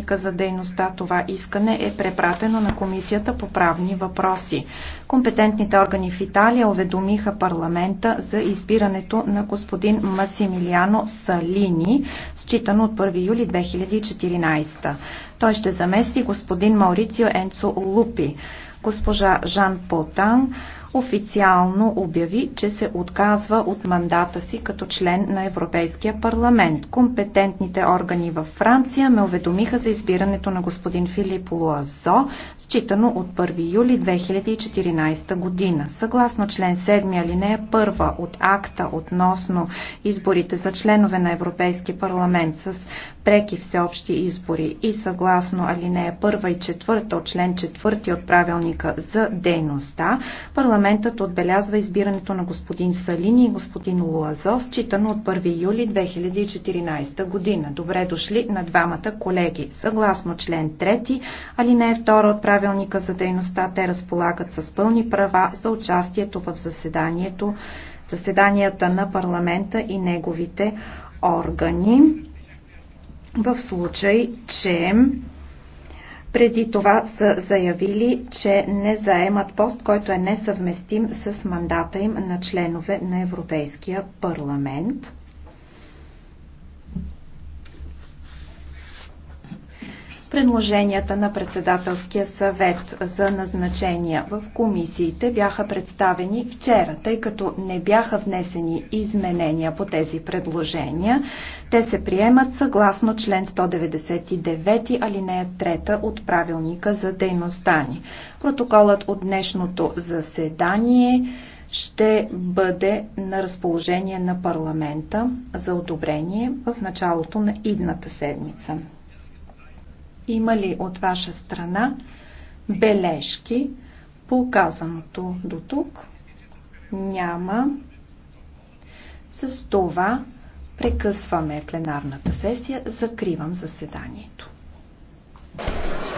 правилника за дейността това искане е препратено на Комисията по правни въпроси. Компетентните органи в Италия уведомиха парламента за избирането на господин Масимилиано Салини, считано от 1 юли 2014. Той ще замести господин Маурицио Енцо Лупи. Госпожа Жан Потан официално обяви, че се отказва от мандата си като член на Европейския парламент. Компетентните органи във Франция ме уведомиха за избирането на господин Филип Луазо, считано от 1 юли 2014 година. Съгласно член 7 алинея 1 от акта относно изборите за членове на Европейския парламент с преки всеобщи избори и съгласно алинея 1 и 4 от член 4 от правилника за дейността, парламент Парламентът отбелязва избирането на господин Салини и господин Луазо, считано от 1 юли 2014 година. Добре дошли на двамата колеги. Съгласно член 3, али не е 2 от правилника за дейността, те разполагат с пълни права за участието в заседанието, заседанията на парламента и неговите органи. В случай, че преди това са заявили, че не заемат пост, който е несъвместим с мандата им на членове на Европейския парламент. Предложенията на председателския съвет за назначения в комисиите бяха представени вчера, тъй като не бяха внесени изменения по тези предложения. Те се приемат съгласно член 199 алинея 3 от правилника за дейността ни. Протоколът от днешното заседание ще бъде на разположение на парламента за одобрение в началото на идната седмица. Има ли от ваша страна бележки по казаното до тук? Няма. С това прекъсваме пленарната сесия. Закривам заседанието.